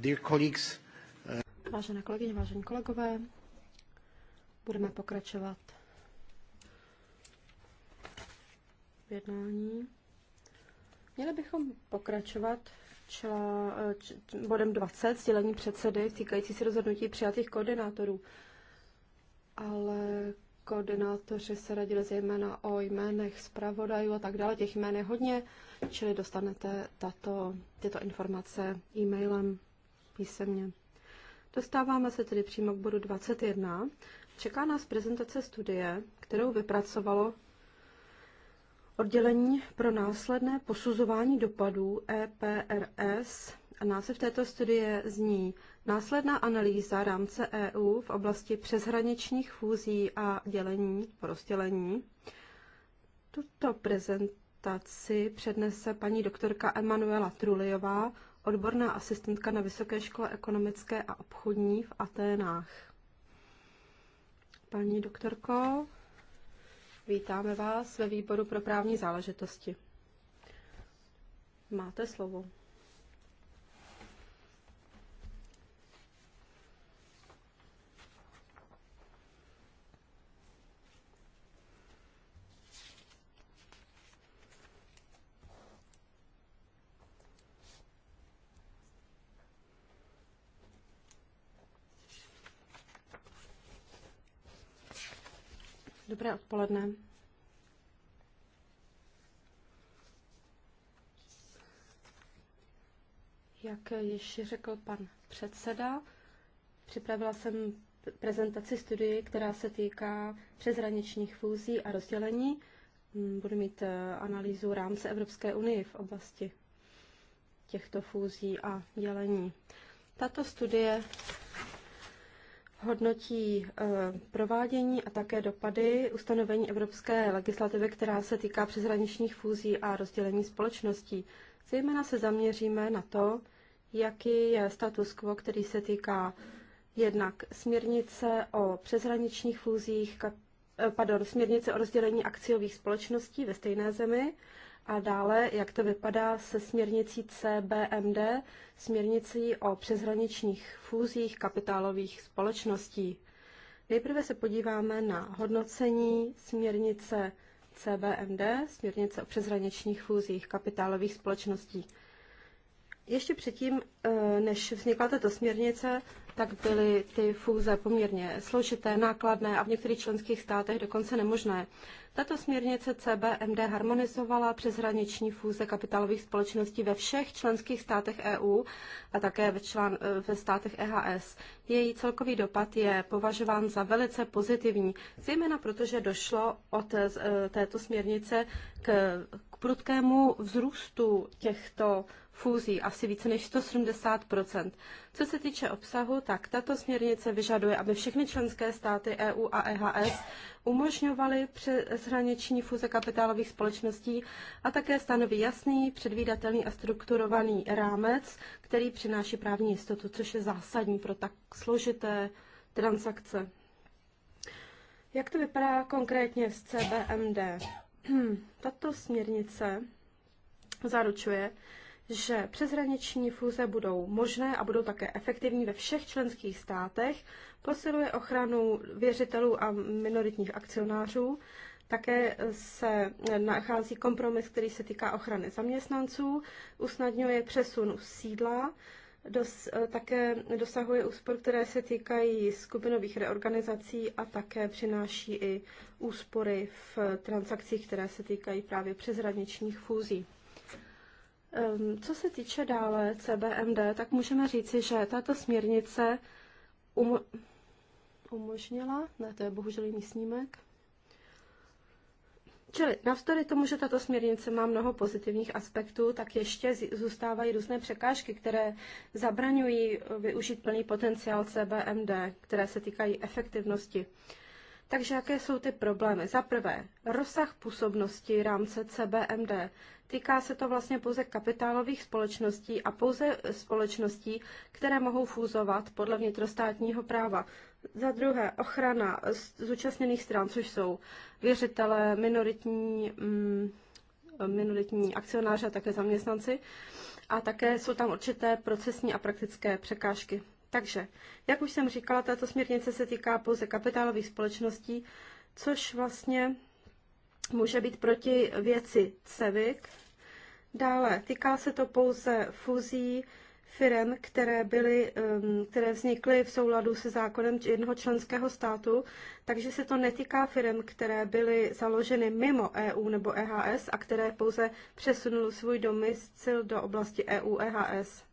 dear colleagues. Vážené kolegyně, vážení kolegové, budeme pokračovat v jednání. Měli bychom pokračovat čla, č, bodem 20, sdělení předsedy týkající se rozhodnutí přijatých koordinátorů. Ale koordinátoři se radili zejména o jménech zpravodajů a tak dále. Těch jmén je hodně, čili dostanete tato, tyto informace e-mailem písemně. Dostáváme se tedy přímo k bodu 21. Čeká nás prezentace studie, kterou vypracovalo oddělení pro následné posuzování dopadů EPRS. A název této studie zní Následná analýza rámce EU v oblasti přeshraničních fúzí a dělení, rozdělení. Tuto prezentaci přednese paní doktorka Emanuela Truliová, odborná asistentka na Vysoké škole ekonomické a obchodní v Aténách. Paní doktorko, vítáme vás ve výboru pro právní záležitosti. Máte slovo. Dobré odpoledne. Jak již řekl pan předseda, připravila jsem prezentaci studii, která se týká přeshraničních fúzí a rozdělení. Budu mít eh, analýzu rámce Evropské unie v oblasti těchto fúzí a dělení. Tato studie hodnotí eh, provádění a také dopady ustanovení evropské legislativy, která se týká přeshraničních fúzí a rozdělení společností. Zejména se zaměříme na to, jaký je status quo, který se týká jednak směrnice o přeshraničních fúzích, eh, pardon, směrnice o rozdělení akciových společností ve stejné zemi a dále, jak to vypadá se směrnicí CBMD, směrnicí o přeshraničních fúzích kapitálových společností. Nejprve se podíváme na hodnocení směrnice CBMD, směrnice o přeshraničních fúzích kapitálových společností. Ještě předtím, eh, než vznikla tato směrnice, tak byly ty fúze poměrně složité, nákladné a v některých členských státech dokonce nemožné. Tato směrnice CBMD harmonizovala přeshraniční fůze kapitálových společností ve všech členských státech EU a také ve, člán, ve státech EHS. Její celkový dopad je považován za velice pozitivní, zejména protože došlo od eh, této směrnice k, k prudkému vzrůstu těchto fúzí asi více než 170 Co se týče obsahu, tak tato směrnice vyžaduje, aby všechny členské státy EU a EHS umožňovaly přeshraniční fuze kapitálových společností a také stanoví jasný, předvídatelný a strukturovaný rámec, který přináší právní jistotu, což je zásadní pro tak složité transakce. Jak to vypadá konkrétně s CBMD? Tato směrnice zaručuje, že přeshraniční fúze budou možné a budou také efektivní ve všech členských státech, posiluje ochranu věřitelů a minoritních akcionářů, také se nachází kompromis, který se týká ochrany zaměstnanců, usnadňuje přesun sídla, dos, také dosahuje úspor, které se týkají skupinových reorganizací a také přináší i úspory v transakcích, které se týkají právě přeshraničních fúzí. Ehm, co se týče dále CBMD, tak můžeme říci, že tato směrnice um, umožnila, ne, to je bohužel jiný snímek, Čili navzdory tomu, že tato směrnice má mnoho pozitivních aspektů, tak ještě zůstávají různé překážky, které zabraňují využít plný potenciál CBMD, které se týkají efektivnosti. Takže jaké jsou ty problémy? Za prvé, rozsah působnosti rámce CBMD. Týká se to vlastně pouze kapitálových společností a pouze společností, které mohou fúzovat podle vnitrostátního práva. Za druhé, ochrana zúčastněných stran, což jsou věřitelé, minoritní, mm, minoritní akcionáři a také zaměstnanci. A také jsou tam určité procesní a praktické překážky. Takže, jak už jsem říkala, tato směrnice se týká pouze kapitálových společností, což vlastně může být proti věci CEVIC. Dále, týká se to pouze fúzí firm, které, byly, um, které vznikly v souladu se zákonem jednoho členského státu, takže se to netýká firm, které byly založeny mimo EU nebo EHS a které pouze přesunuly svůj domysl do oblasti EU EHS.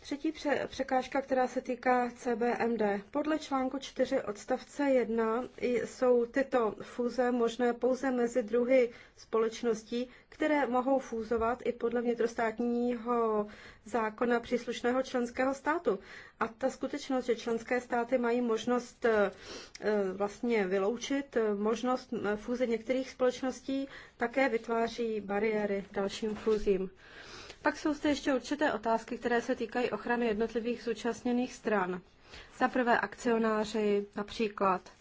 Třetí překážka, která se týká CBMD. Podle článku 4 odstavce 1 jsou tyto fúze možné pouze mezi druhy společností, které mohou fúzovat i podle vnitrostátního zákona příslušného členského státu. A ta skutečnost, že členské státy mají možnost eh, vlastně vyloučit eh, možnost eh, fúze některých společností, také vytváří bariéry dalším fúzím. Pak jsou zde ještě určité otázky, které se týkají ochrany jednotlivých zúčastněných stran. Za prvé akcionáři, například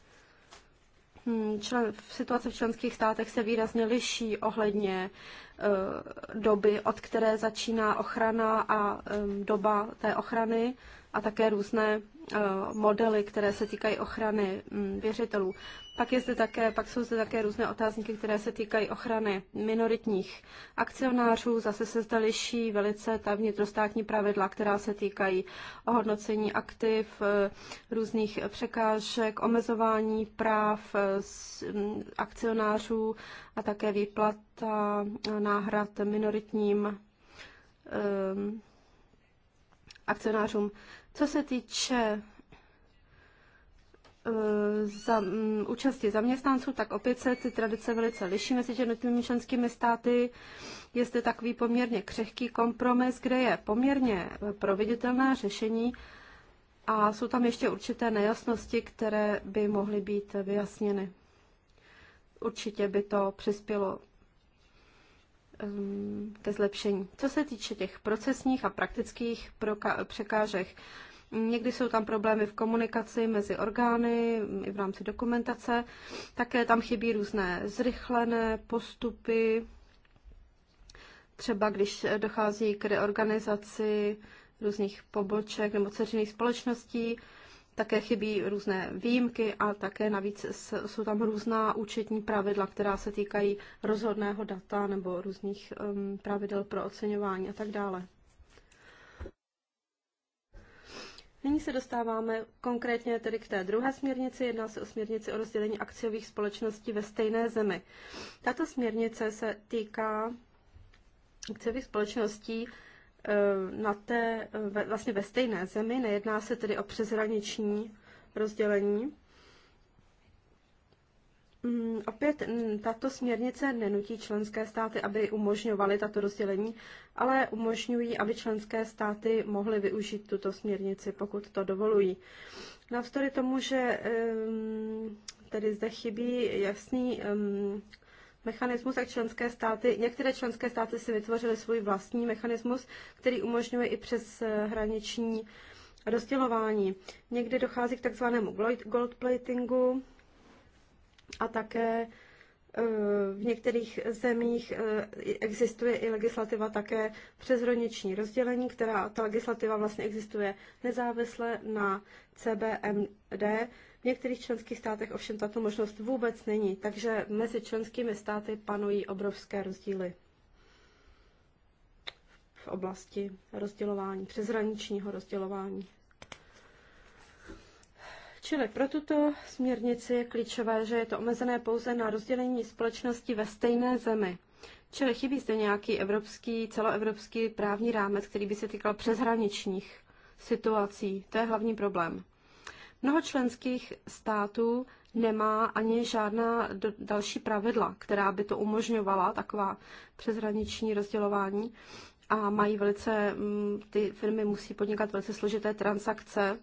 hmm, člen, situace v členských státech se výrazně liší ohledně e, doby, od které začíná ochrana a e, doba té ochrany a také různé Eh, modely, které se týkají ochrany mm, věřitelů. Pak, je zde také, pak jsou zde také různé otázníky, které se týkají ochrany minoritních akcionářů. Zase se zde liší velice ta vnitrostátní pravidla, která se týkají ohodnocení aktiv, eh, různých překážek, omezování práv eh, mm, akcionářů a také výplata náhrad minoritním ehm, akcionářům. Co se týče eh, za, um, účasti zaměstnanců, tak opět se ty tradice velice liší mezi jednotlivými členskými státy. Je zde takový poměrně křehký kompromis, kde je poměrně eh, proveditelné řešení a jsou tam ještě určité nejasnosti, které by mohly být vyjasněny. Určitě by to přispělo um, ke zlepšení. Co se týče těch procesních a praktických překážek, Někdy jsou tam problémy v komunikaci mezi orgány i v rámci dokumentace. Také tam chybí různé zrychlené postupy, třeba když dochází k reorganizaci různých poboček nebo ceřiných společností, také chybí různé výjimky a také navíc jsou tam různá účetní pravidla, která se týkají rozhodného data nebo různých um, pravidel pro oceňování a tak dále. Nyní se dostáváme konkrétně tedy k té druhé směrnici. Jedná se o směrnici o rozdělení akciových společností ve stejné zemi. Tato směrnice se týká akciových společností eh, na té, eh, vlastně ve stejné zemi. Nejedná se tedy o přeshraniční rozdělení. Mm, opět mm, tato směrnice nenutí členské státy, aby umožňovaly tato rozdělení, ale umožňují, aby členské státy mohly využít tuto směrnici, pokud to dovolují. Navzdory tomu, že tedy zde chybí jasný mechanismus, tak členské státy, některé členské státy si vytvořily svůj vlastní mechanismus, který umožňuje i přes hraniční rozdělování. Někdy dochází k takzvanému gold platingu, a také eh, v některých zemích eh, existuje i legislativa také přeshraniční rozdělení, která ta legislativa vlastně existuje nezávisle na CBMD. V některých členských státech ovšem tato možnost vůbec není, takže mezi členskými státy panují obrovské rozdíly v oblasti rozdělování, přeshraničního rozdělování. Čili pro tuto směrnici je klíčové, že je to omezené pouze na rozdělení společnosti ve stejné zemi. Čili chybí zde nějaký evropský, celoevropský právní rámec, který by se týkal přeshraničních situací. To je hlavní problém. Mnoho členských států nemá ani žádná do, další pravidla, která by to umožňovala, taková přeshraniční rozdělování. A mají velice, mm, ty firmy musí podnikat velice složité transakce,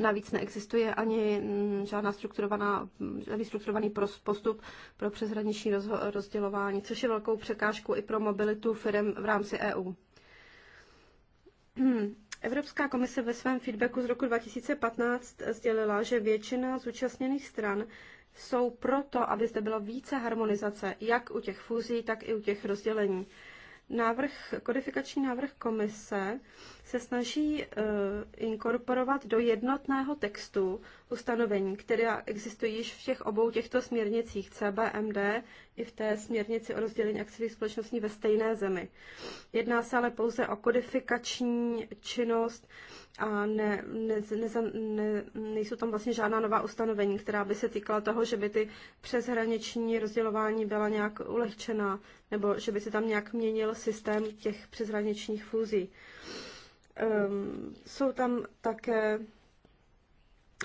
Navíc neexistuje ani mm, žádná strukturovaná, žádný strukturovaný postup pro přeshraniční rozdělování, což je velkou překážkou i pro mobilitu firm v rámci EU. Evropská komise ve svém feedbacku z roku 2015 sdělila, že většina zúčastněných stran jsou proto, aby zde bylo více harmonizace, jak u těch fúzí, tak i u těch rozdělení. Návrh, kodifikační návrh komise se snaží uh, inkorporovat do jednotného textu ustanovení, které existují již v těch obou těchto směrnicích CBMD i v té směrnici o rozdělení akciových společností ve stejné zemi. Jedná se ale pouze o kodifikační činnost a ne, ne, ne, ne, nejsou tam vlastně žádná nová ustanovení, která by se týkala toho, že by ty přeshraniční rozdělování byla nějak ulehčena nebo že by se tam nějak měnil systém těch přeshraničních fúzí. Um, jsou tam také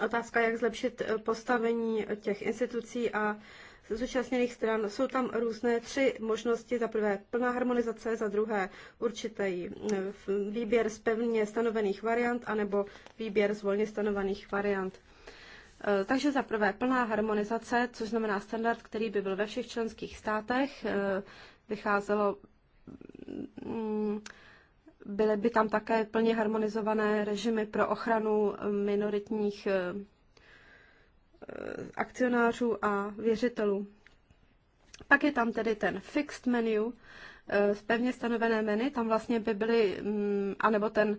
otázka, jak zlepšit eh, postavení těch institucí a zúčastněných stran. Jsou tam různé tři možnosti. Za prvé plná harmonizace, za druhé určitý eh, výběr z pevně stanovených variant, anebo výběr z volně stanovených variant. Eh, takže za prvé plná harmonizace, což znamená standard, který by byl ve všech členských státech, eh, vycházelo mm, byly by tam také plně harmonizované režimy pro ochranu minoritních Eh, akcionářů a věřitelů. Pak je tam tedy ten fixed menu, eh, pevně stanovené menu, tam vlastně by byly, mm, anebo ten,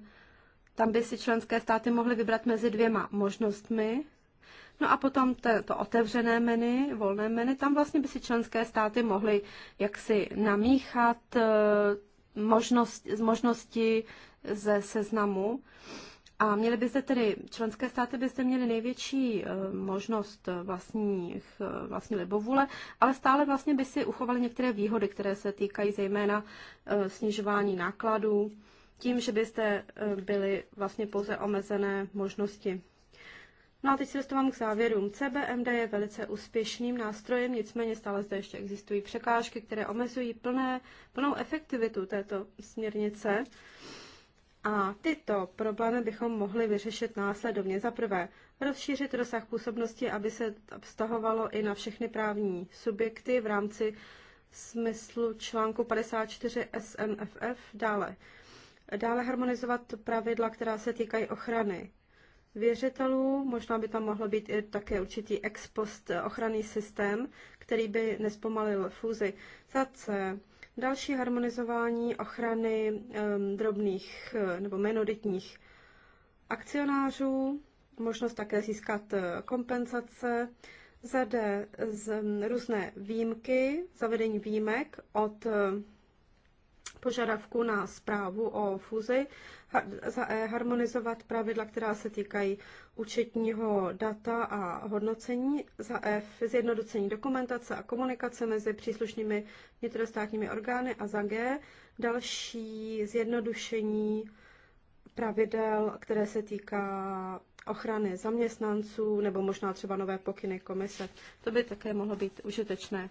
tam by si členské státy mohly vybrat mezi dvěma možnostmi. No a potom te, to otevřené menu, volné menu, tam vlastně by si členské státy mohly jaksi namíchat eh, možnost, možnosti ze seznamu. A by byste tedy, členské státy byste měly největší eh, možnost eh, vlastních, eh, vlastní libovůle, ale stále vlastně by si uchovaly některé výhody, které se týkají zejména snižování nákladů, tím, že byste byly vlastně pouze omezené možnosti. No a teď se dostávám k závěrům. CBMD je velice úspěšným nástrojem, nicméně stále zde ještě existují překážky, které omezují plné, plnou efektivitu této směrnice. A tyto problémy bychom mohli vyřešit následovně. Za prvé, rozšířit rozsah působnosti, aby se vztahovalo i na všechny právní subjekty v rámci smyslu článku 54 SMFF. Dále, dále harmonizovat pravidla, která se týkají ochrany věřitelů. Možná by tam mohlo být i také určitý ex post ochranný systém, který by nespomalil fúzi. Za C, Další harmonizování ochrany drobných eh, nebo minoritních akcionářů, možnost také získat eh, kompenzace, zade z různé výjimky, zavedení výjimek od požadavku na zprávu o fuzi, e, harmonizovat pravidla, která se týkají účetního data a hodnocení, za F zjednodušení dokumentace a komunikace mezi příslušnými vnitrostátními orgány a za G další zjednodušení pravidel, které se týká ochrany zaměstnanců nebo možná třeba nové pokyny komise. To by také mohlo být užitečné.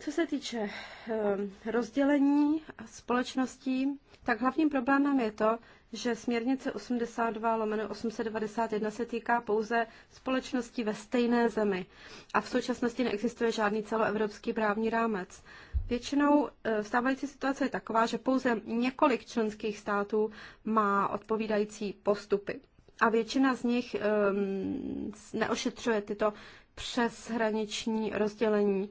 Co se týče ehm, rozdělení společností, tak hlavním problémem je to, že směrnice 82 lomeno 891 se týká pouze společnosti ve stejné zemi a v současnosti neexistuje žádný celoevropský právní rámec. Většinou e, stávající situace je taková, že pouze několik členských států má odpovídající postupy a většina z nich um, neošetřuje tyto přeshraniční rozdělení.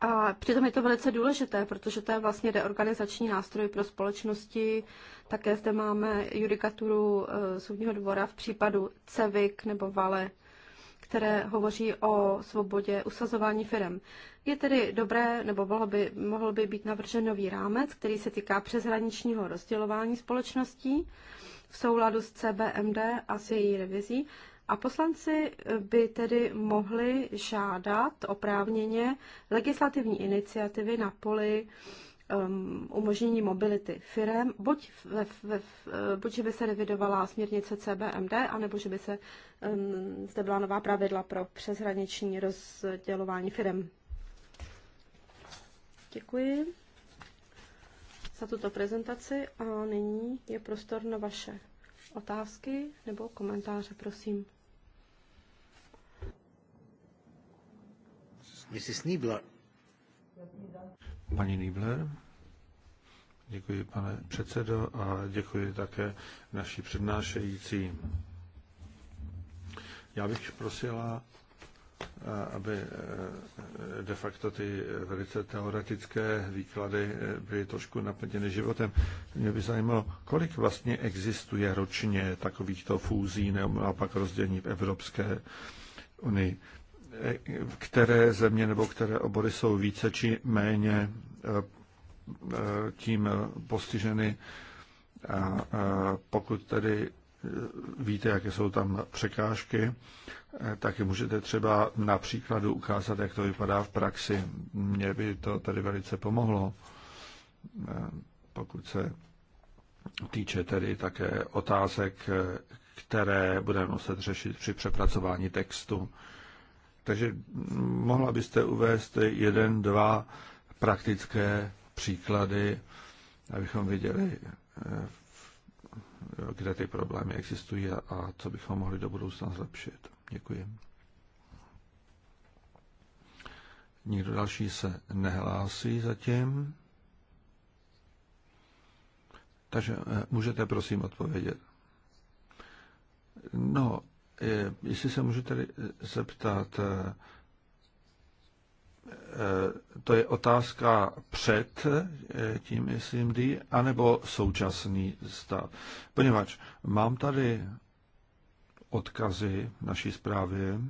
A přitom je to velice důležité, protože to je vlastně reorganizační nástroj pro společnosti. Také zde máme judikaturu eh, soudního dvora v případu CEVIK nebo VALE, které hovoří o svobodě usazování firm. Je tedy dobré, nebo mohl by, mohl by být navržen nový rámec, který se týká přeshraničního rozdělování společností v souladu s CBMD a s její revizí. A poslanci eh, by tedy mohli žádat oprávněně legislativní iniciativy na poli um, umožnění mobility firem, buď, ve, ve, eh, buď že by se revidovala směrnice CBMD, anebo že by se um, zde byla nová pravidla pro přeshraniční rozdělování firem. Děkuji za tuto prezentaci a nyní je prostor na vaše otázky nebo komentáře, prosím. Mrs. Niebler. Paní Niebler. Děkuji, pane předsedo, a děkuji také naší přednášející. Já bych prosila, eh, aby eh, de facto ty velice teoretické výklady eh, byly trošku naplněny životem. Mě by zajímalo, kolik vlastně existuje ročně takovýchto fúzí nebo pak rozdělení v Evropské unii které země nebo které obory jsou více či méně eh, eh, tím postiženy. A pokud tedy eh, víte, jaké jsou tam překážky, taky můžete třeba na příkladu ukázat, jak to vypadá v praxi. Mně by to tady velice pomohlo, pokud se týče tedy také otázek, které budeme muset řešit při přepracování textu. Takže mohla byste uvést jeden, dva praktické příklady, abychom viděli, eh, kde ty problémy existují a co bychom mohli do budoucna zlepšit. Děkuji. Nikdo další se nehlásí zatím. Takže eh, můžete prosím odpovědět. No, Eh, jestli se můžu tedy eh, zeptat, eh, to je otázka před tím SMD, anebo současný stav. Poněvadž mám tady odkazy naší zprávě.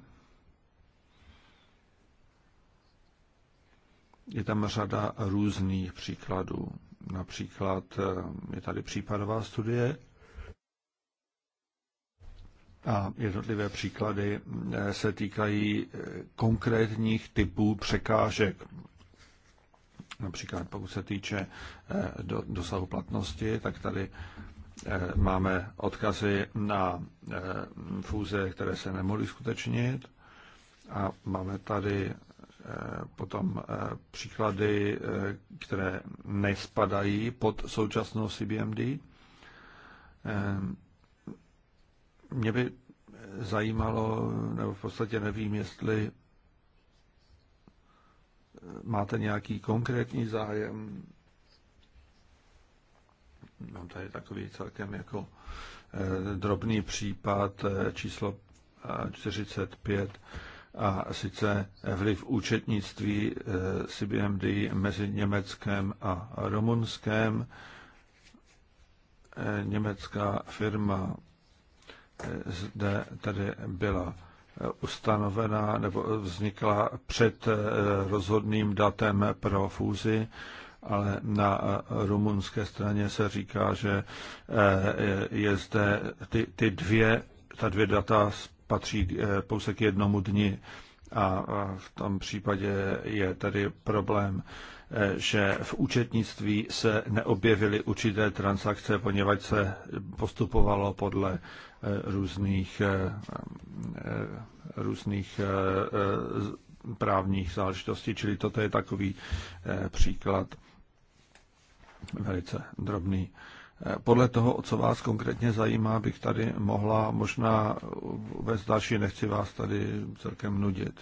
Je tam řada různých příkladů. Například je tady případová studie, a jednotlivé příklady eh, se týkají eh, konkrétních typů překážek. Například pokud se týče eh, dosahu platnosti, tak tady máme odkazy na fúze, které se nemohly skutečnit a máme tady potom příklady, které nespadají pod současnou CBMD. Mě by eh, zajímalo, nebo v podstatě nevím, jestli eh, máte nějaký konkrétní zájem. Mám tady takový celkem jako eh, drobný případ číslo 45 a sice vliv účetnictví CBMD mezi Německem a Rumunském. Německá firma zde tady byla eh, ustanovena nebo vznikla před eh, rozhodným datem pro fúzi, ale na eh, rumunské straně se říká, že je zde ty, ty dvě, ta dvě data patří pouze k jednomu dni a v tom případě je tady problém, že v účetnictví se neobjevily určité transakce, poněvadž se postupovalo podle Eh, různých, eh, eh, různých právních záležitostí, čili toto je takový příklad velice drobný. Podle toho, o co vás konkrétně zajímá, bych tady mohla možná vůbec další, nechci vás tady celkem nudit.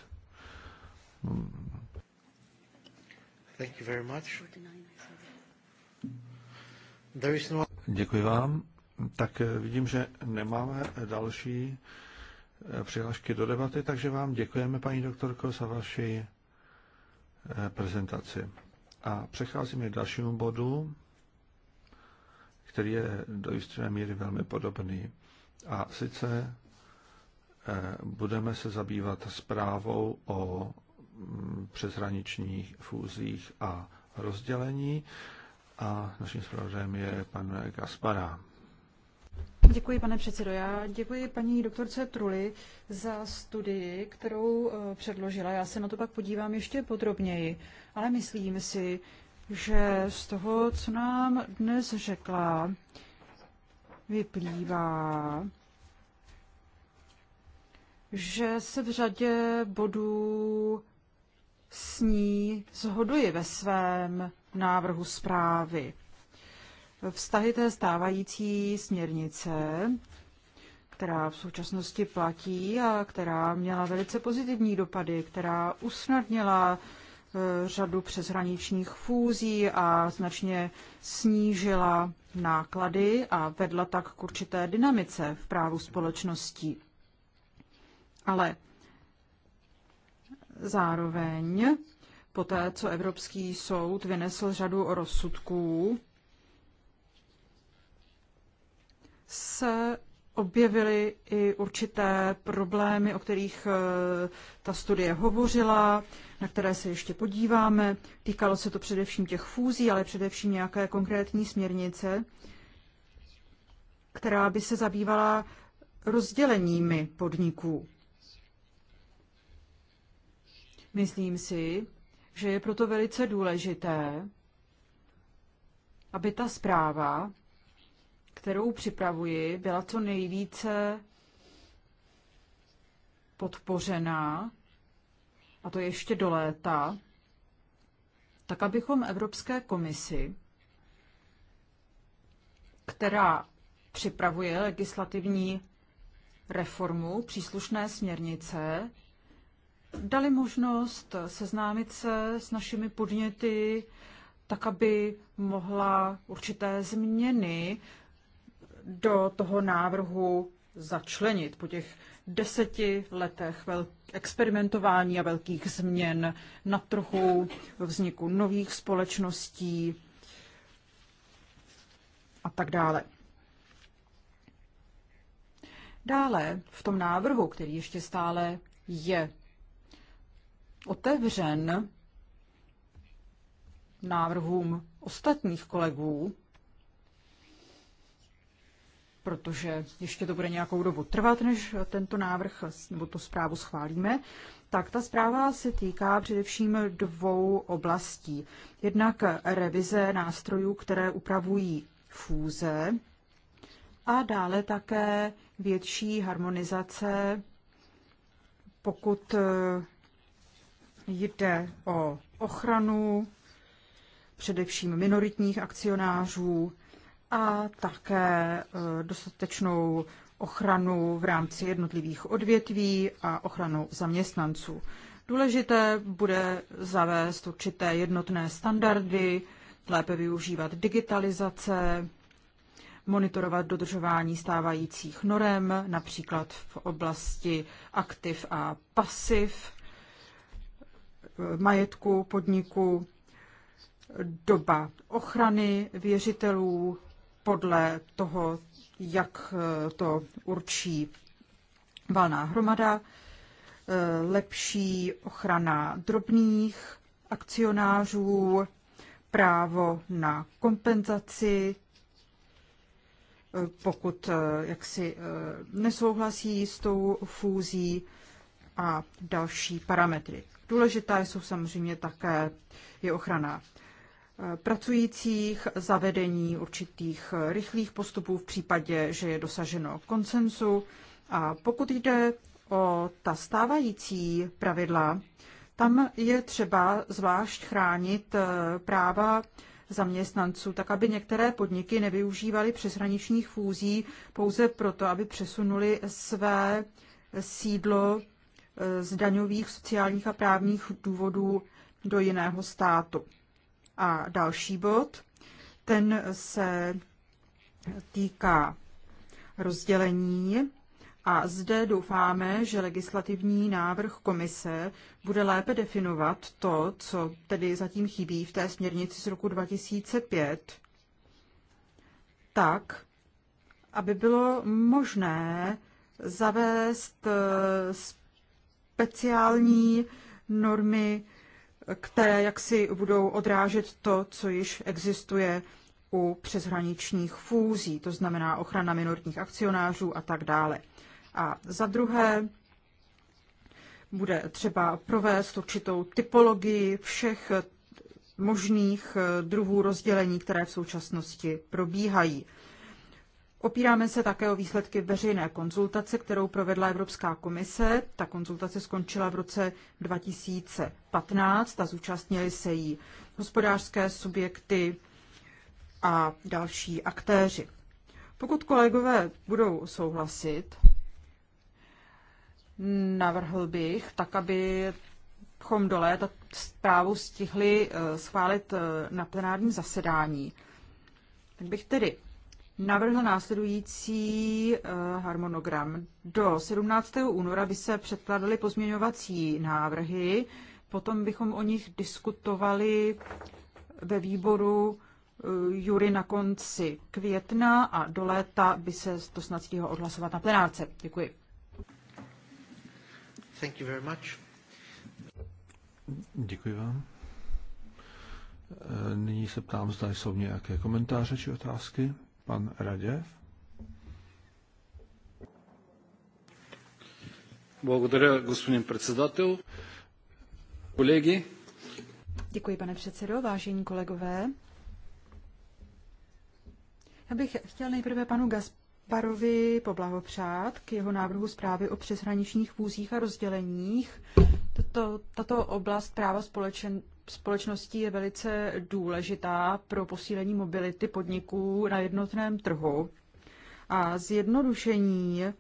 Thank you very much. No- Děkuji vám. Tak eh, vidím, že nemáme eh, další eh, přihlášky do debaty, takže vám děkujeme, paní doktorko, za vaši prezentaci. A přecházíme k dalšímu bodu, který je do jisté míry velmi podobný. A sice budeme se zabývat zprávou o mm, přeshraničních fúzích a rozdělení a naším zpravodajem je pan Gaspara. Děkuji, pane předsedo. Já děkuji paní doktorce Truly za studii, kterou eh, předložila. Já se na to pak podívám ještě podrobněji, ale myslím si, že z toho, co nám dnes řekla, vyplývá, že se v řadě bodů s ní zhoduji ve svém návrhu zprávy vztahy té stávající směrnice, která v současnosti platí a která měla velice pozitivní dopady, která usnadnila eh, řadu přeshraničních fúzí a značně snížila náklady a vedla tak k určité dynamice v právu společností. Ale zároveň, poté co Evropský soud vynesl řadu rozsudků, se objevily i určité problémy, o kterých eh, ta studie hovořila, na které se ještě podíváme. Týkalo se to především těch fúzí, ale především nějaké konkrétní směrnice, která by se zabývala rozděleními podniků. Myslím si, že je proto velice důležité, aby ta zpráva kterou připravuji, byla co nejvíce podpořená, a to ještě do léta, tak abychom Evropské komisi, která připravuje legislativní reformu příslušné směrnice, dali možnost seznámit se s našimi podněty, tak aby mohla určité změny do toho návrhu začlenit po těch deseti letech experimentování a velkých změn na trhu, vzniku nových společností a tak dále. Dále v tom návrhu, který ještě stále je otevřen návrhům ostatních kolegů, protože ještě to bude nějakou dobu trvat, než tento návrh nebo tu zprávu schválíme, tak ta zpráva se týká především dvou oblastí. Jednak revize nástrojů, které upravují fůze a dále také větší harmonizace, pokud eh, jde o ochranu především minoritních akcionářů a také e, dostatečnou ochranu v rámci jednotlivých odvětví a ochranu zaměstnanců. Důležité bude zavést určité jednotné standardy, lépe využívat digitalizace, monitorovat dodržování stávajících norem, například v oblasti aktiv a pasiv, majetku podniku, doba ochrany věřitelů, podle toho, jak eh, to určí valná hromada, eh, lepší ochrana drobných akcionářů, právo na kompenzaci, eh, pokud jaksi nesouhlasí s tou fúzí a další parametry. Důležitá jsou samozřejmě také je ochrana pracujících, zavedení určitých rychlých postupů v případě, že je dosaženo konsensu. A pokud jde o ta stávající pravidla, tam je třeba zvlášť chránit eh, práva zaměstnanců, tak aby některé podniky nevyužívaly přeshraničních fúzí pouze proto, aby přesunuli své sídlo eh, z daňových, sociálních a právních důvodů do jiného státu. A další bod, ten se týká rozdělení a zde doufáme, že legislativní návrh komise bude lépe definovat to, co tedy zatím chybí v té směrnici z roku 2005, tak, aby bylo možné zavést eh, speciální normy které jaksi budou odrážet to, co již existuje u přeshraničních fúzí, to znamená ochrana minoritních akcionářů a tak dále. A za druhé, bude třeba provést určitou typologii všech možných druhů rozdělení, které v současnosti probíhají. Opíráme se také o výsledky veřejné konzultace, kterou provedla Evropská komise. Ta konzultace skončila v roce 2015 a zúčastnili se jí hospodářské subjekty a další aktéři. Pokud kolegové budou souhlasit, navrhl bych, tak abychom do léta zprávu stihli eh, schválit eh, na plenárním zasedání. Tak bych tedy navrhl následující eh, harmonogram. Do 17. února by se předkládaly pozměňovací návrhy, potom bychom o nich diskutovali ve výboru eh, Jury na konci května a do léta by se to snad stihlo odhlasovat na plenárce. Děkuji. Thank you very much. Děkuji vám. Eh, nyní se ptám, zda jsou nějaké komentáře či otázky. Pan Raděv. Благодаря, господин председател. Kolegy. Děkuji, pane předsedo, vážení kolegové. Já bych chtěl nejprve panu Gasparovi poblahopřát k jeho návrhu zprávy o přeshraničních vůzích a rozděleních. Tato, tato oblast práva společen, společností je velice důležitá pro posílení mobility podniků na jednotném trhu. A zjednodušení eh,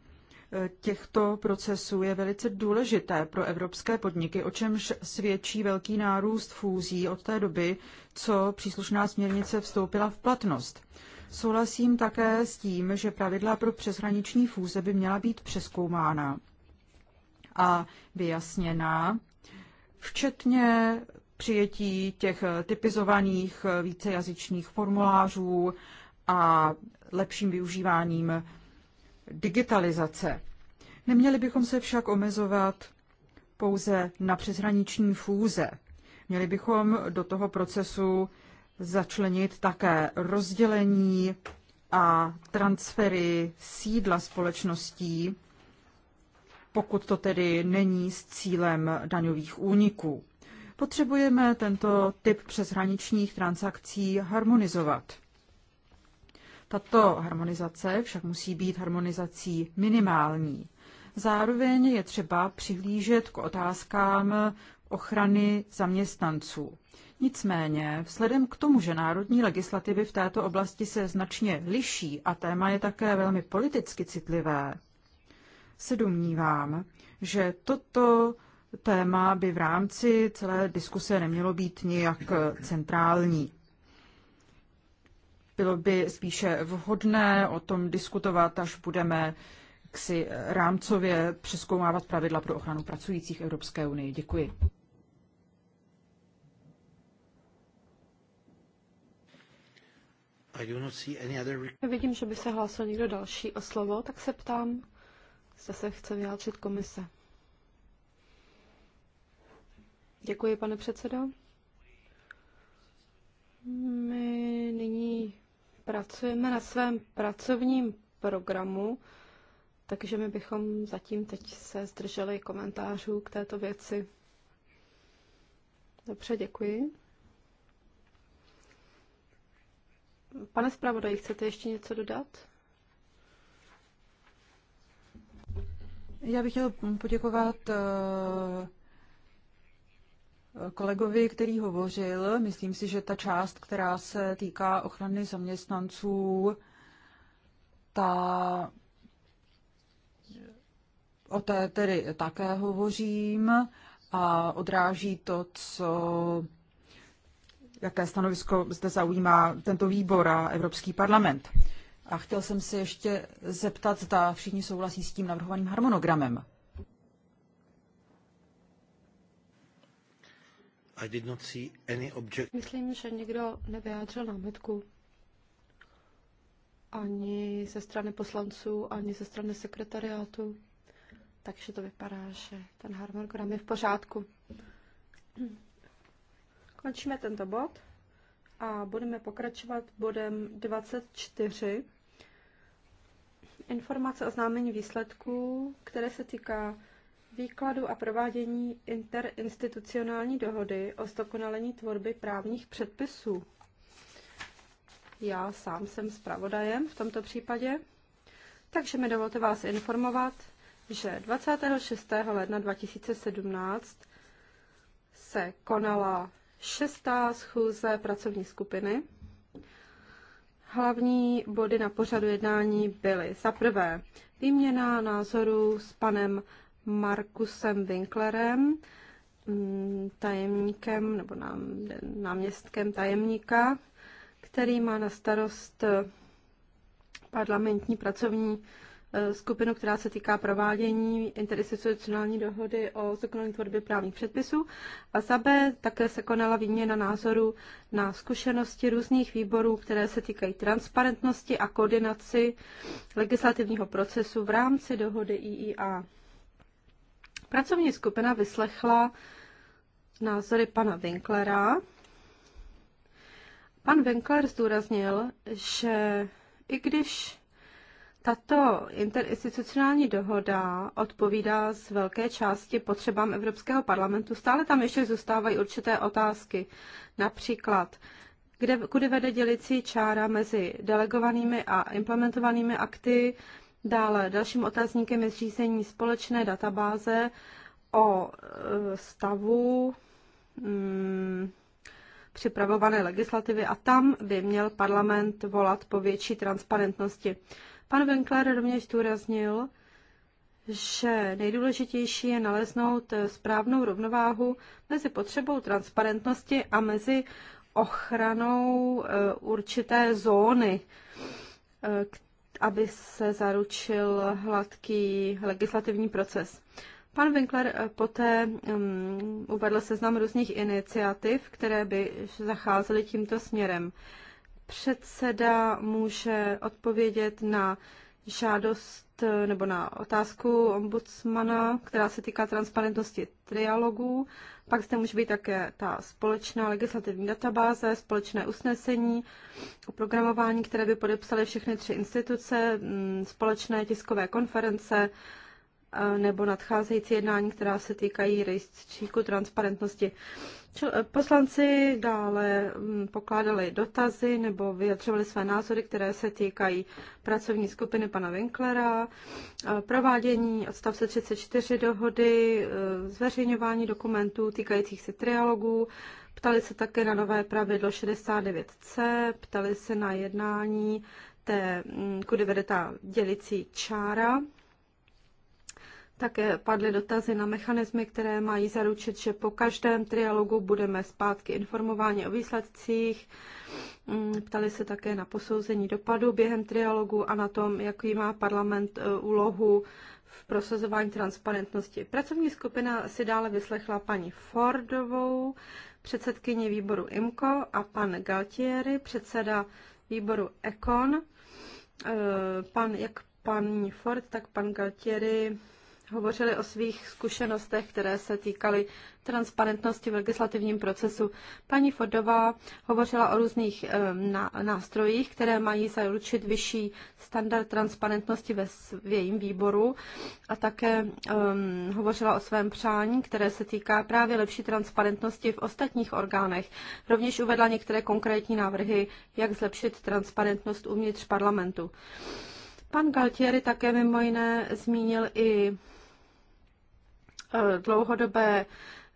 těchto procesů je velice důležité pro evropské podniky, o čemž svědčí velký nárůst fúzí od té doby, co příslušná směrnice vstoupila v platnost. Souhlasím také s tím, že pravidla pro přeshraniční fúze by měla být přeskoumána a vyjasněná, včetně přijetí těch typizovaných vícejazyčných formulářů a lepším využíváním digitalizace. Neměli bychom se však omezovat pouze na přeshraniční fůze. Měli bychom do toho procesu začlenit také rozdělení a transfery sídla společností, pokud to tedy není s cílem daňových úniků. Potřebujeme tento typ přeshraničních transakcí harmonizovat. Tato harmonizace však musí být harmonizací minimální. Zároveň je třeba přihlížet k otázkám ochrany zaměstnanců. Nicméně, vzhledem k tomu, že národní legislativy v této oblasti se značně liší a téma je také velmi politicky citlivé, se domnívám, že toto téma by v rámci celé diskuse nemělo být nijak centrální. Bylo by spíše vhodné o tom diskutovat, až budeme si rámcově přeskoumávat pravidla pro ochranu pracujících Evropské unii. Děkuji. Vidím, že by se hlásil někdo další o slovo, tak se ptám, zda se chce vyjádřit komise. Děkuji, pane předsedo. My nyní pracujeme na svém pracovním programu, takže my bychom zatím teď se zdrželi komentářů k této věci. Dobře, děkuji. Pane zpravodaj, chcete ještě něco dodat? Já bych chtěl poděkovat eh, kolegovi, který hovořil. Myslím si, že ta část, která se týká ochrany zaměstnanců, ta o té tedy také hovořím a odráží to, co jaké stanovisko zde zaujímá tento výbor a Evropský parlament. A chtěl jsem se ještě zeptat, zda všichni souhlasí s tím navrhovaným harmonogramem. I did not see any object. Myslím, že někdo nevyjádřil námitku. Ani ze strany poslanců, ani ze strany sekretariátu. Takže to vypadá, že ten harmonogram je v pořádku. Končíme tento bod a budeme pokračovat bodem 24. Informace o známení výsledků, které se týká výkladu a provádění interinstitucionální dohody o stokonalení tvorby právních předpisů. Já sám jsem zpravodajem v tomto případě, takže mi dovolte vás informovat, že 26. ledna 2017 se konala šestá schůze pracovní skupiny. Hlavní body na pořadu jednání byly za prvé výměna názorů s panem Markusem Winklerem, mm, tajemníkem nebo nám náměstkem tajemníka, který má na starost eh, parlamentní pracovní eh, skupinu, která se týká provádění interinstitucionální dohody o zákonné tvorbě právních předpisů. A za B také se konala výměna názorů na zkušenosti různých výborů, které se týkají transparentnosti a koordinaci legislativního procesu v rámci dohody IIA. Pracovní skupina vyslechla názory pana Winklera. Pan Winkler zdůraznil, že i když tato interinstitucionální dohoda odpovídá z velké části potřebám Evropského parlamentu. Stále tam ještě zůstávají určité otázky. Například, kde, kudy vede dělicí čára mezi delegovanými a implementovanými akty, Dále dalším otazníkem je zřízení společné databáze o e, stavu hmm, připravované legislativy a tam by měl parlament volat po větší transparentnosti. Pan Winkler rovněž zdůraznil, že nejdůležitější je naleznout správnou rovnováhu mezi potřebou transparentnosti a mezi ochranou e, určité zóny, e, aby se zaručil hladký legislativní proces. Pan Winkler eh, poté um, uvedl seznam různých iniciativ, které by zacházely tímto směrem. Předseda může odpovědět na žádost eh, nebo na otázku ombudsmana, která se týká transparentnosti trialogů. Pak zde může být také ta společná legislativní databáze, společné usnesení o programování, které by podepsaly všechny tři instituce, mm, společné tiskové konference, nebo nadcházející jednání, která se týkají rejstříku transparentnosti. E, poslanci dále mm, pokládali dotazy nebo vyjadřovali své názory, které se týkají pracovní skupiny pana Winklera, e, provádění odstavce 34 dohody, e, zveřejňování dokumentů týkajících se trialogů, ptali se také na nové pravidlo 69c, ptali se na jednání té, mm, kudy vede ta dělicí čára také padly dotazy na mechanismy, které mají zaručit, že po každém trialogu budeme zpátky informováni o výsledcích. Mm, ptali se také na posouzení dopadu během trialogu a na tom, jaký má parlament e, úlohu v prosazování transparentnosti. Pracovní skupina si dále vyslechla paní Fordovou, předsedkyni výboru IMCO a pan Galtieri, předseda výboru ECON. E, pan, jak paní Ford, tak pan Galtieri hovořili o svých zkušenostech, které se týkaly transparentnosti v legislativním procesu. Paní Fordová hovořila o různých eh, nástrojích, které mají zaručit vyšší standard transparentnosti ve v jejím výboru a také um, hovořila o svém přání, které se týká právě lepší transparentnosti v ostatních orgánech. Rovněž uvedla některé konkrétní návrhy, jak zlepšit transparentnost uvnitř parlamentu. Pan Galtieri také mimo jiné zmínil i Eh, dlouhodobé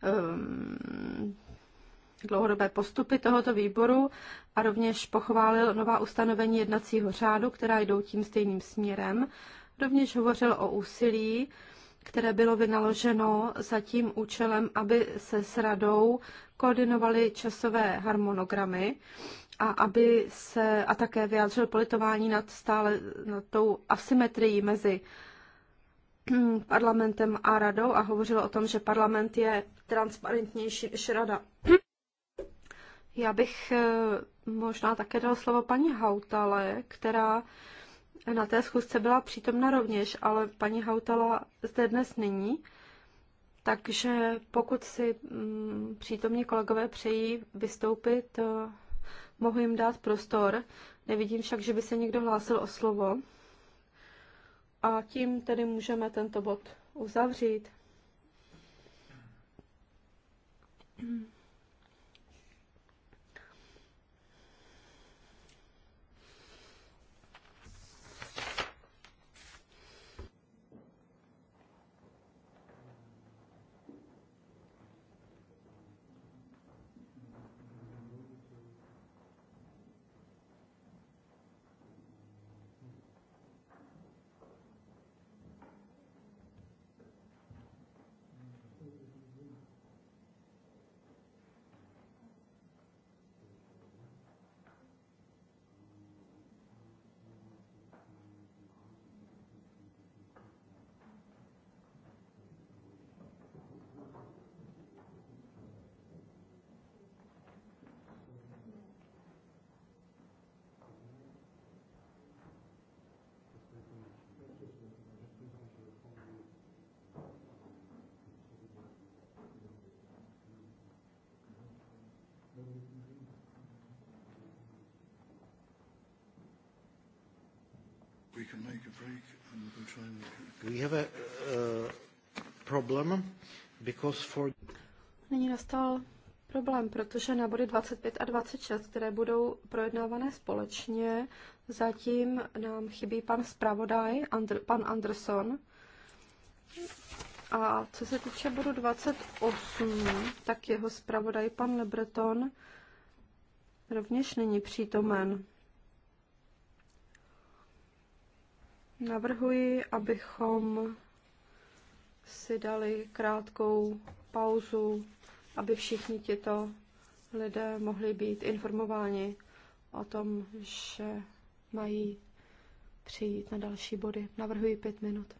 eh, dlouhodobé postupy tohoto výboru a rovněž pochválil nová ustanovení jednacího řádu, která jdou tím stejným směrem. Rovněž hovořil o úsilí, které bylo vynaloženo za tím účelem, aby se s radou koordinovaly časové harmonogramy a aby se a také vyjádřil politování nad stále nad tou asymetrií mezi Mm, parlamentem a radou a hovořil o tom, že parlament je transparentnější než rada. Já bych eh, možná také dal slovo paní Hautale, která na té schůzce byla přítomna rovněž, ale paní Hautala zde dnes není. Takže pokud si mm, přítomní kolegové přejí vystoupit, eh, mohu jim dát prostor. Nevidím však, že by se někdo hlásil o slovo. A tím tedy můžeme tento bod uzavřít. we can make a break and we can try and make We have a uh, problem because for... Nyní nastal problém, protože na body 25 a 26, které budou projednávané společně, zatím nám chybí pan zpravodaj, Andr, pan Anderson. A co se týče bodu 28, tak jeho zpravodaj pan Lebreton rovněž není přítomen. Navrhuji, abychom si dali krátkou pauzu, aby všichni tito lidé mohli být informováni o tom, že mají přijít na další body. Navrhuji pět minut.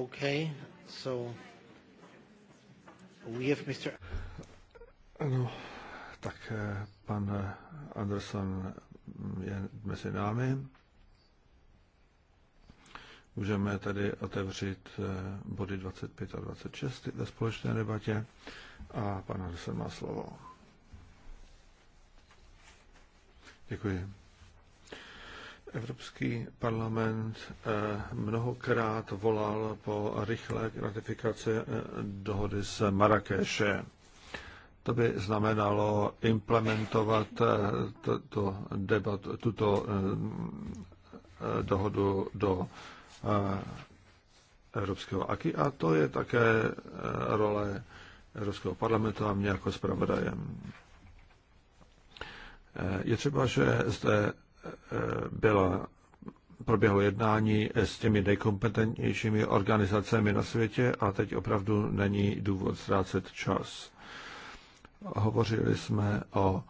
Okay, so we have Mr. No, tak eh, pan Anderson je mezi námi. Můžeme tady otevřít eh, body 25 a 26 ve společné debatě a pan Anderson má slovo. Děkuji. Evropský parlament eh, mnohokrát volal po rychlé ratifikaci eh, dohody s Marrakeše. To by znamenalo implementovat tuto, eh, debat, tuto dohodu do Evropského aky a to je také role Evropského parlamentu a mě jako zpravodajem. Je třeba, že zde byla, proběhlo jednání s těmi nejkompetentnějšími organizacemi na světě a teď opravdu není důvod ztrácet čas. Hovořili jsme o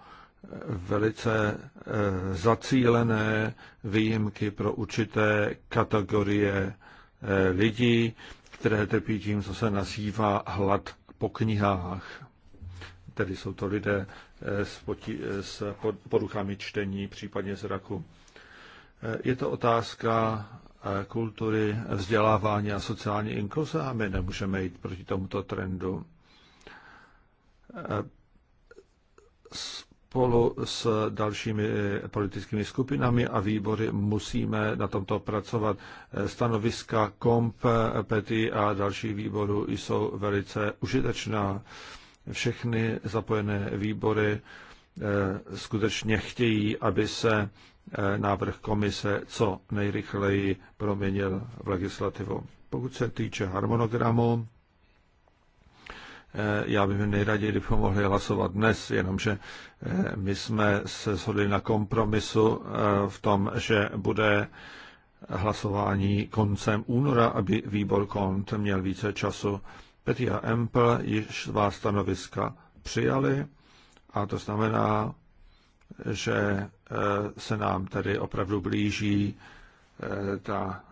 velice eh, zacílené výjimky pro určité kategorie eh, lidí, které trpí tím, co se nazývá hlad po knihách. Tedy jsou to lidé Eh, s, poti, eh, s poruchami čtení, případně zraku. Eh, je to otázka kultury, vzdělávání a sociální inkluze a my nemůžeme jít proti tomuto trendu. Spolu s dalšími politickými skupinami a výbory musíme na tomto pracovat. Stanoviska KOMP, PETI a dalších výborů jsou velice užitečná všechny zapojené výbory eh, skutečně chtějí, aby se eh, návrh komise co nejrychleji proměnil v legislativu. Pokud se týče harmonogramu, eh, já bych nejraději, kdybychom mohli hlasovat dnes, jenomže my jsme se shodli na kompromisu v tom, že bude hlasování koncem února, aby výbor kont měl více času Petty a Empl již svá stanoviska přijali a to znamená, že eh, se nám tady opravdu blíží eh, ta,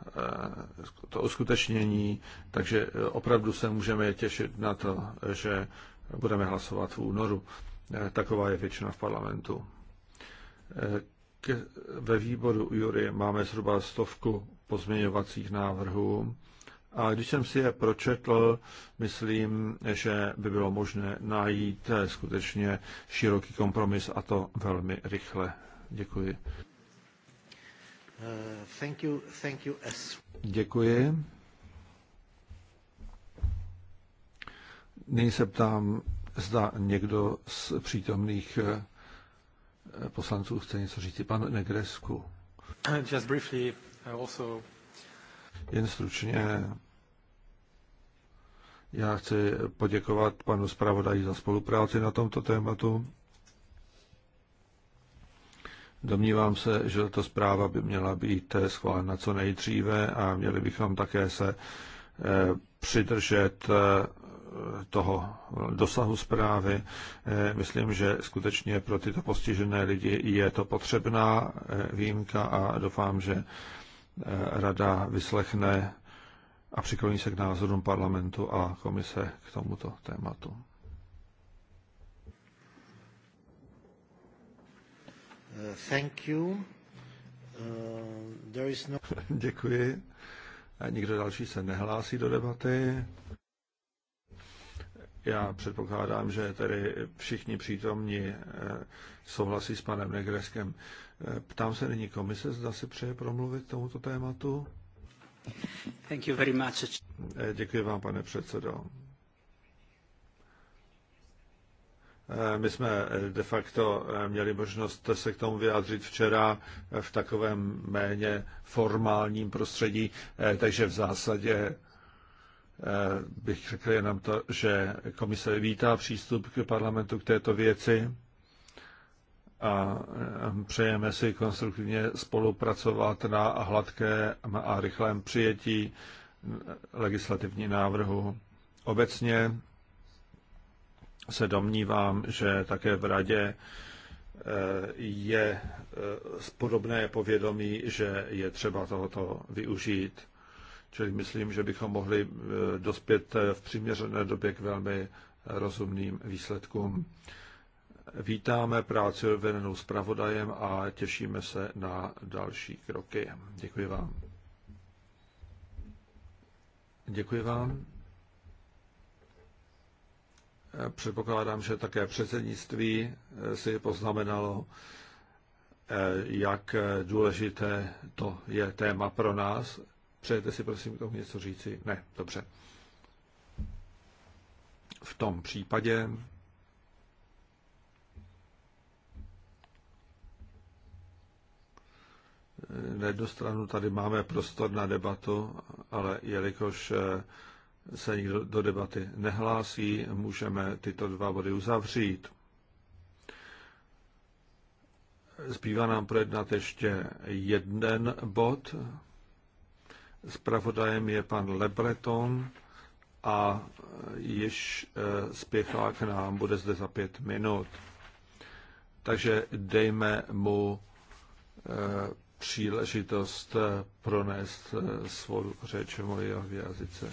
eh, to uskutečnění, takže opravdu se můžeme těšit na to, že budeme hlasovat v únoru. Taková je většina v parlamentu. Ve výboru Jury máme zhruba stovku pozměňovacích návrhů a když jsem si je pročetl, myslím, že by bylo možné najít eh, skutečně široký kompromis a to velmi rychle. Děkuji. Eh, thank you, thank you S. Děkuji. Nyní se ptám, zda někdo z přítomných eh, poslanců chce něco říct. Pan Negresku. Just briefly, also jen stručně já chci poděkovat panu zpravodaji za spolupráci na tomto tématu. Domnívám se, že tato zpráva by měla být schválena co nejdříve a měli bychom také se eh, přidržet eh, toho dosahu zprávy. Eh, myslím, že skutečně pro tyto postižené lidi je to potřebná výjimka a doufám, že Eh, rada vyslechne a přikloní se k názorům parlamentu a komise k tomuto tématu. Eh, thank you. Uh, there is no... Děkuji. Nikdo další se nehlásí do debaty. Já předpokládám, že tedy všichni přítomní eh, souhlasí s panem Negreskem. Eh, ptám se nyní komise, zda si přeje promluvit k tomuto tématu. Thank you very much. Eh, děkuji vám, pane předsedo. My jsme de facto měli možnost se k tomu vyjádřit včera v takovém méně formálním prostředí, takže v zásadě Eh, bych řekl jenom to, že komise vítá přístup k parlamentu k této věci a eh, přejeme si konstruktivně spolupracovat na hladkém a rychlém přijetí eh, legislativní návrhu. Obecně se domnívám, že také v radě je podobné povědomí, že je třeba tohoto využít. Čili myslím, že bychom mohli e, dospět e, v přiměřené době k velmi rozumným výsledkům. Vítáme práci vedenou zpravodajem a těšíme se na další kroky. Děkuji vám. Děkuji vám. E, předpokládám, že také předsednictví si poznamenalo, jak důležité to je téma pro nás, Přejete si prosím k tomu něco říci? Ne, dobře. V tom případě na jednu stranu tady máme prostor na debatu, ale jelikož eh, se nikdo do debaty nehlásí, můžeme tyto dva body uzavřít. Zbývá nám projednat ještě jeden bod, Spravodajem je pan Lebreton a již eh, spěchá k nám, bude zde za pět minut. Takže dejme mu eh, příležitost eh, pronést svou řeč v mojí jazyce.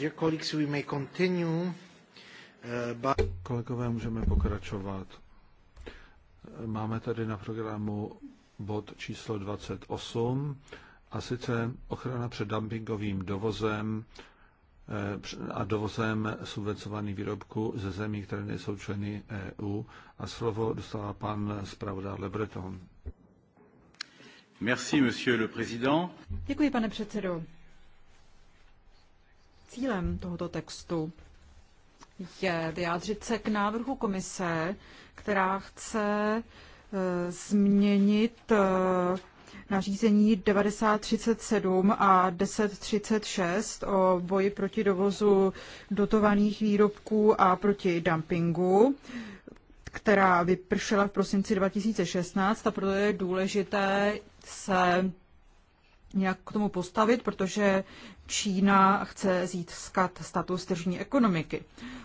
Uh, Kolegové, můžeme pokračovat. Máme tady na programu bod číslo 28, a sice ochrana před dumpingovým dovozem eh, a dovozem subvencovaných výrobků ze zemí, které nejsou členy EU. A slovo dostává pan zpravodaj Lebreton. Merci, monsieur le président. Děkuji, pane předsedo. Cílem tohoto textu je vyjádřit se k návrhu komise, která chce e, změnit e, nařízení 9037 a 1036 o boji proti dovozu dotovaných výrobků a proti dumpingu, která vypršela v prosinci 2016 a proto je důležité se nějak k tomu postavit, protože Čína chce získat status tržní ekonomiky.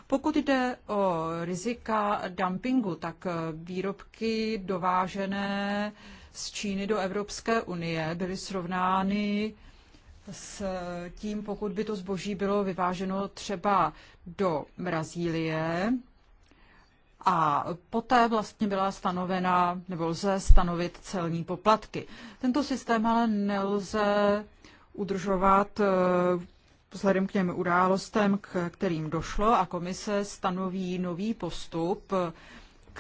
Pokud jde o rizika dumpingu, tak výrobky dovážené z Číny do Evropské unie byly srovnány s tím, pokud by to zboží bylo vyváženo třeba do Brazílie, a poté vlastně byla stanovena, nebo lze stanovit celní poplatky. Tento systém ale nelze udržovat eh, vzhledem k těm událostem, k kterým došlo a komise stanoví nový postup,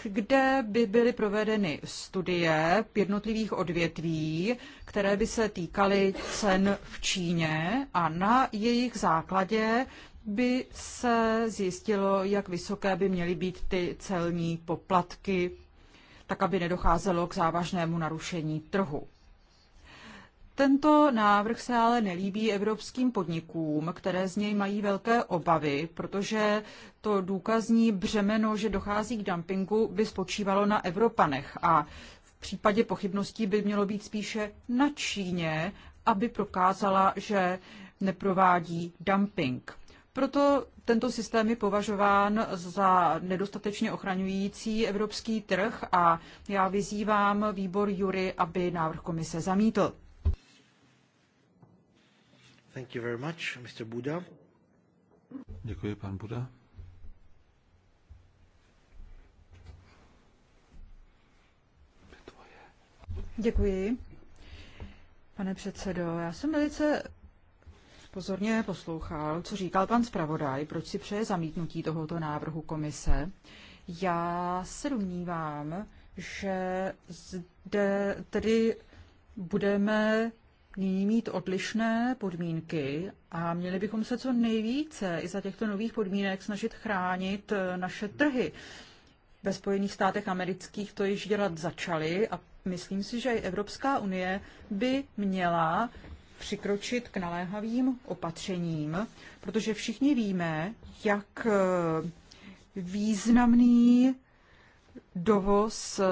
kde by byly provedeny studie jednotlivých odvětví, které by se týkaly cen v Číně a na jejich základě by se zjistilo, jak vysoké by měly být ty celní poplatky, tak aby nedocházelo k závažnému narušení trhu. Tento návrh se ale nelíbí evropským podnikům, které z něj mají velké obavy, protože to důkazní břemeno, že dochází k dumpingu, by spočívalo na Evropanech a v případě pochybností by mělo být spíše na Číně, aby prokázala, že neprovádí dumping. Proto tento systém je považován za nedostatečně ochraňující evropský trh a já vyzývám výbor Jury, aby návrh komise zamítl. Thank you very much, Mr. Buda. Děkuji, pan Buda. Děkuji. Pane předsedo, já jsem velice pozorně poslouchal, co říkal pan zpravodaj, proč si přeje zamítnutí tohoto návrhu komise. Já se domnívám, že zde tedy budeme nyní mít odlišné podmínky a měli bychom se co nejvíce i za těchto nových podmínek snažit chránit eh, naše trhy. Ve Spojených státech amerických to již dělat začali a myslím si, že i Evropská unie by měla přikročit k naléhavým opatřením, protože všichni víme, jak eh, významný dovoz eh,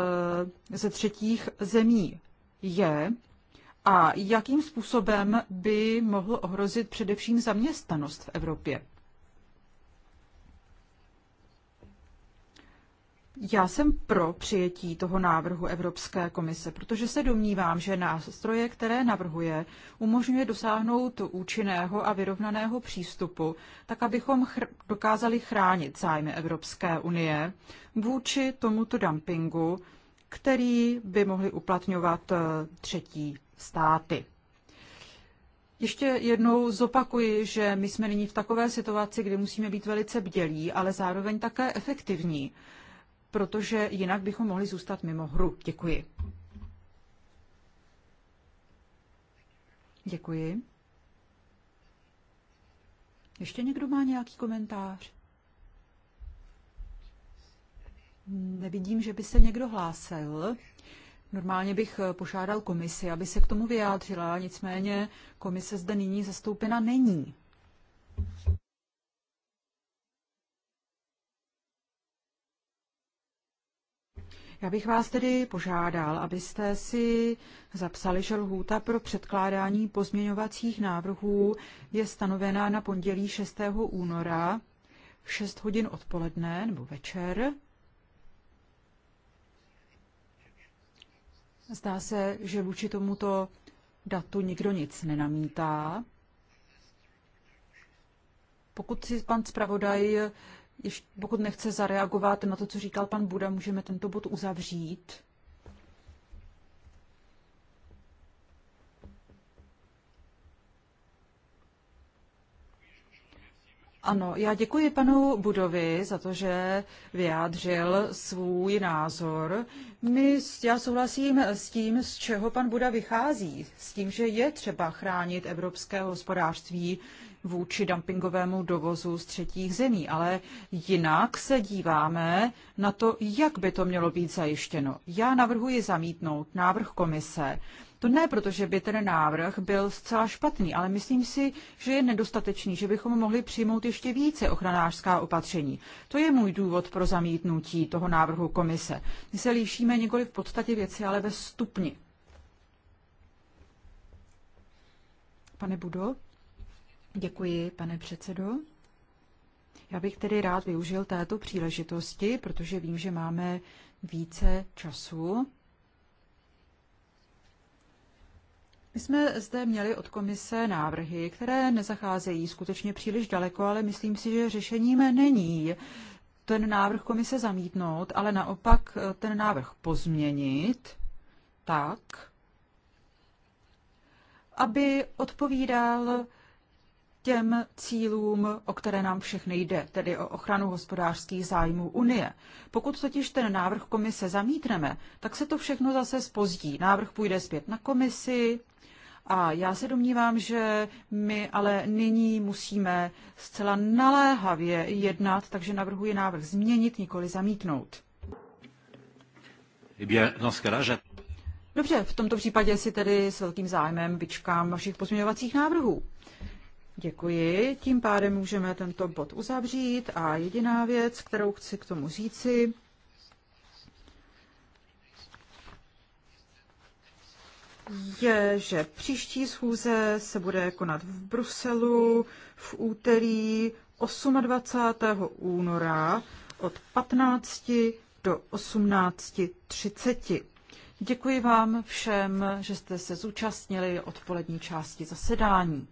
ze třetích zemí je a jakým způsobem by mohl ohrozit především zaměstnanost v Evropě. Já jsem pro přijetí toho návrhu Evropské komise, protože se domnívám, že nástroje, které navrhuje, umožňuje dosáhnout účinného a vyrovnaného přístupu, tak abychom chr- dokázali chránit zájmy Evropské unie vůči tomuto dumpingu, který by mohli uplatňovat eh, třetí státy. Ještě jednou zopakuji, že my jsme nyní v takové situaci, kdy musíme být velice bdělí, ale zároveň také efektivní, protože jinak bychom mohli zůstat mimo hru. Děkuji. Děkuji. Ještě někdo má nějaký komentář? Nevidím, že by se někdo hlásil. Normálně bych eh, požádal komisi, aby se k tomu vyjádřila, nicméně komise zde nyní zastoupena není. Já bych vás tedy požádal, abyste si zapsali, že lhůta pro předkládání pozměňovacích návrhů je stanovená na pondělí 6. února v 6 hodin odpoledne nebo večer. Zdá se, že vůči tomuto datu nikdo nic nenamítá. Pokud si pan zpravodaj, pokud nechce zareagovat na to, co říkal pan Buda, můžeme tento bod uzavřít. Ano, já děkuji panu Budovi za to, že vyjádřil svůj názor. My, já souhlasím s tím, z čeho pan Buda vychází, s tím, že je třeba chránit evropské hospodářství vůči dumpingovému dovozu z třetích zemí, ale jinak se díváme na to, jak by to mělo být zajištěno. Já navrhuji zamítnout návrh komise, to ne proto, že by ten návrh byl zcela špatný, ale myslím si, že je nedostatečný, že bychom mohli přijmout ještě více ochranářská opatření. To je můj důvod pro zamítnutí toho návrhu komise. My se líšíme nikoli v podstatě věci, ale ve stupni. Pane Budo? Děkuji, pane předsedo. Já bych tedy rád využil této příležitosti, protože vím, že máme více času My jsme zde měli od komise návrhy, které nezacházejí skutečně příliš daleko, ale myslím si, že řešením není ten návrh komise zamítnout, ale naopak ten návrh pozměnit tak, aby odpovídal těm cílům, o které nám všechny jde, tedy o ochranu hospodářských zájmů Unie. Pokud totiž ten návrh komise zamítneme, tak se to všechno zase spozdí. Návrh půjde zpět na komisi, a já se domnívám, že my ale nyní musíme zcela naléhavě jednat, takže navrhuji návrh změnit, nikoli zamítnout. Eh Dobře, v tomto případě si tedy s velkým zájmem vyčkám vašich pozměňovacích návrhů. Děkuji, tím pádem můžeme tento bod uzavřít a jediná věc, kterou chci k tomu říci, je, že příští schůze se bude konat v Bruselu v úterý 28. února od 15 do 18.30. Děkuji vám všem, že jste se zúčastnili odpolední části zasedání.